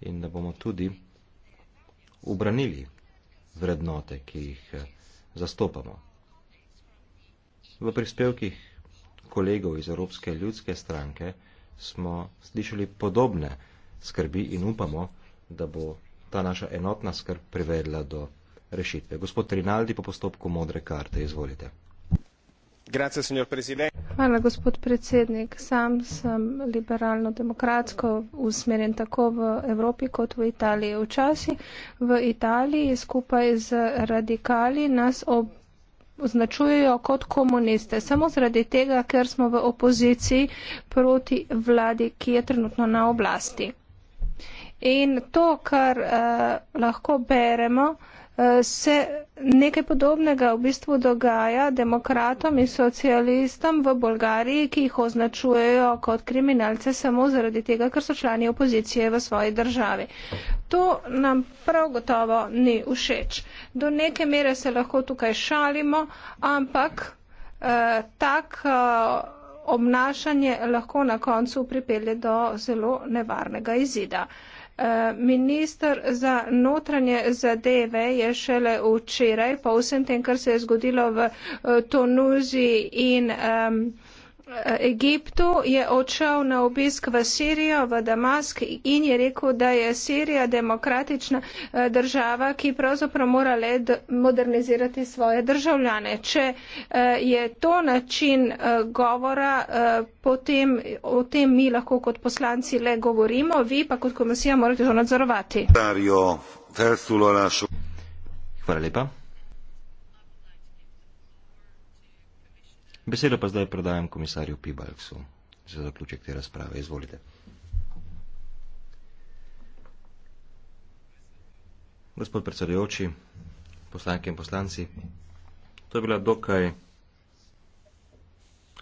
in da bomo tudi obranili vrednote, ki jih eh, zastopamo. V prispevkih kolegov iz Evropske ljudske stranke smo slišali podobne skrbi in upamo, da bo ta naša enotna skrb privedla do rešitve. Gospod Rinaldi po postopku modre karte, izvolite. Hvala, gospod predsednik. Sam sem liberalno-demokratsko usmerjen tako v Evropi kot v Italiji. Včasih v Italiji skupaj z radikali nas ob označujejo kot komuniste, samo zaradi tega, ker smo v opoziciji proti vladi, ki je trenutno na oblasti. In to, kar uh, lahko beremo, uh, se nekaj podobnega v bistvu dogaja demokratom in socialistom v Bolgariji, ki jih označujejo kot kriminalce samo zaradi tega, ker so člani opozicije v svoji državi. To nam prav gotovo ni všeč. Do neke mere se lahko tukaj šalimo, ampak uh, tak. Uh, obnašanje lahko na koncu pripelje do zelo nevarnega izida. Eh, Ministr za notranje zadeve je šele včeraj, po vsem tem, kar se je zgodilo v eh, Tunuziji in um, Egiptu, je odšel na obisk v Sirijo, v Damask in je rekel, da je Sirija demokratična eh, država, ki pravzaprav mora le modernizirati svoje državljane. Če eh, je to način eh, govora, potem o tem mi lahko kot poslanci le govorimo, vi pa kot komisija morate to nadzorovati. Hvala lepa. Besedo pa zdaj predajam komisarju Pibalksu za zaključek te razprave. Izvolite. Gospod predsedujoči, poslanke in poslanci, to je bila dokaj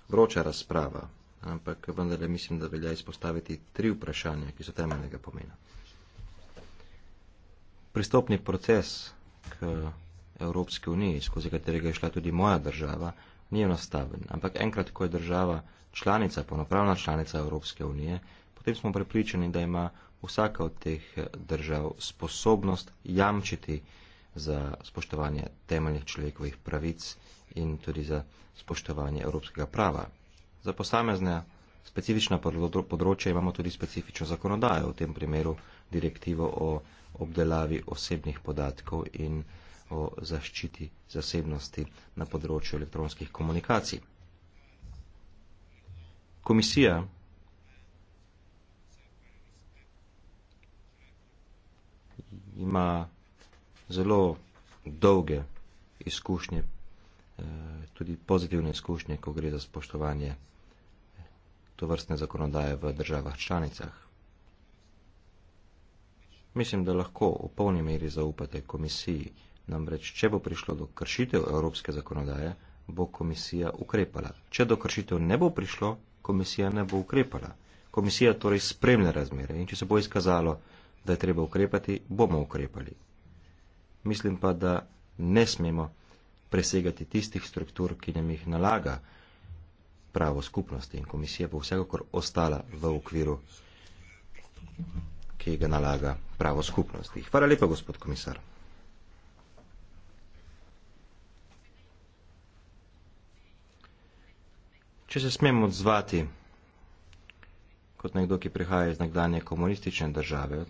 vroča razprava, ampak vendarle mislim, da velja izpostaviti tri vprašanja, ki so temeljnega pomena. Pristopni proces k Evropske unije, skozi katerega je šla tudi moja država, ni enostaven, ampak enkrat, ko je država članica, ponopravna članica Evropske unije, potem smo prepričani, da ima vsaka od teh eh, držav sposobnost jamčiti za spoštovanje temeljnih človekovih pravic in tudi za spoštovanje evropskega prava. Za posamezne specifična področja imamo tudi specifično zakonodajo, v tem primeru direktivo o obdelavi osebnih podatkov in podatkov o zaščiti zasebnosti na področju elektronskih komunikacij. Komisija ima zelo dolge izkušnje, eh, tudi pozitivne izkušnje, ko gre za spoštovanje eh, tovrstne zakonodaje v državah članicah. Mislim, da lahko v polni meri zaupate komisiji. Namreč, če bo prišlo do kršitev evropske zakonodaje, bo komisija ukrepala. Če do kršitev ne bo prišlo, komisija ne bo ukrepala. Komisija torej spremlja razmere in če se bo izkazalo, da je treba ukrepati, bomo ukrepali. Mislim pa, da ne smemo presegati tistih struktur, ki nam jih nalaga pravo skupnosti in komisija bo vsekakor ostala v okviru, ki ga nalaga pravo skupnosti. Hvala lepa, gospod komisar. Če se smem odzvati kot nekdo, ki prihaja iz nekdanje komunistične države,